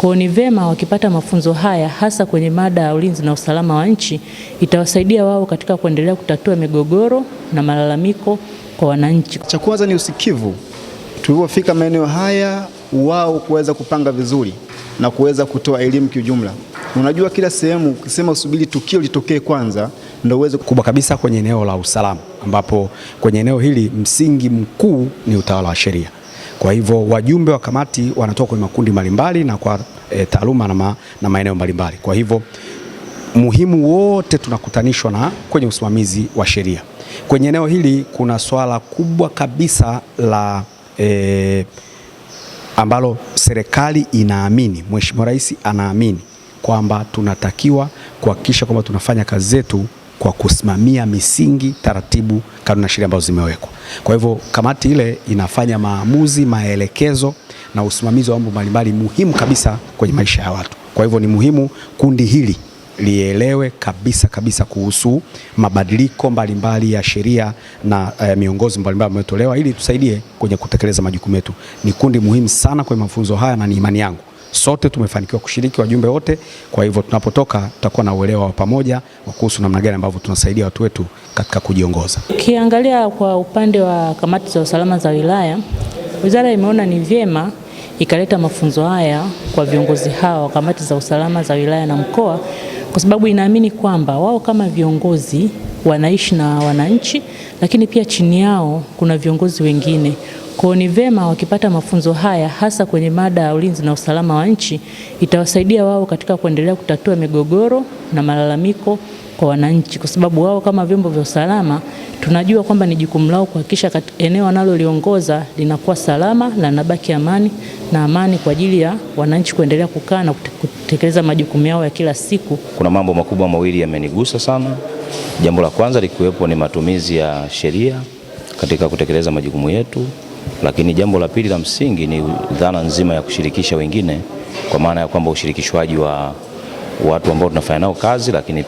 Kwa ni vema wakipata mafunzo haya hasa kwenye mada ya ulinzi na usalama wa nchi, itawasaidia wao katika kuendelea kutatua migogoro na malalamiko kwa wananchi. Cha kwanza ni usikivu. Tulipofika maeneo haya, wao kuweza kupanga vizuri na kuweza kutoa elimu kiujumla. Unajua, kila sehemu ukisema usubiri tukio litokee kwanza, ndio uweze kubwa kabisa kwenye eneo la usalama, ambapo kwenye eneo hili msingi mkuu ni utawala wa sheria. Kwa hivyo wajumbe wa kamati wanatoka kwenye makundi mbalimbali na kwa e, taaluma na, ma, na maeneo mbalimbali. Kwa hivyo muhimu wote tunakutanishwa na kwenye usimamizi wa sheria. Kwenye eneo hili kuna swala kubwa kabisa la e, ambalo serikali inaamini, Mheshimiwa Rais anaamini kwamba tunatakiwa kuhakikisha kwamba tunafanya kazi zetu kwa kusimamia misingi, taratibu, kanuni na sheria ambazo zimewekwa. Kwa hivyo kamati ile inafanya maamuzi, maelekezo na usimamizi wa mambo mbalimbali muhimu kabisa kwenye maisha ya watu. Kwa hivyo ni muhimu kundi hili lielewe kabisa kabisa kuhusu mabadiliko mbalimbali ya sheria na eh, miongozo mbalimbali ambayo imetolewa ili tusaidie kwenye kutekeleza majukumu yetu. Ni kundi muhimu sana kwenye mafunzo haya na ni imani yangu sote tumefanikiwa kushiriki wajumbe wote. Kwa hivyo tunapotoka tutakuwa na uelewa wa pamoja wa kuhusu namna gani ambavyo tunasaidia watu wetu katika kujiongoza. Ukiangalia kwa upande wa kamati za usalama za wilaya, wizara imeona ni vyema ikaleta mafunzo haya kwa viongozi hawa wa kamati za usalama za wilaya na mkoa, kwa sababu inaamini kwamba wao kama viongozi wanaishi na wananchi, lakini pia chini yao kuna viongozi wengine kwa ni vema wakipata mafunzo haya hasa kwenye mada ya ulinzi na usalama wa nchi, itawasaidia wao katika kuendelea kutatua migogoro na malalamiko kwa wananchi, kwa sababu wao kama vyombo vya usalama tunajua kwamba ni jukumu lao kuhakikisha eneo wanaloliongoza linakuwa salama na linabaki amani na amani kwa ajili ya wananchi kuendelea kukaa na kutekeleza majukumu yao ya kila siku. Kuna mambo makubwa mawili yamenigusa sana. Jambo la kwanza likiwepo ni matumizi ya sheria katika kutekeleza majukumu yetu. Lakini jambo la pili la msingi ni dhana nzima ya kushirikisha wengine, kwa maana ya kwamba ushirikishwaji wa watu ambao tunafanya nao kazi, lakini pia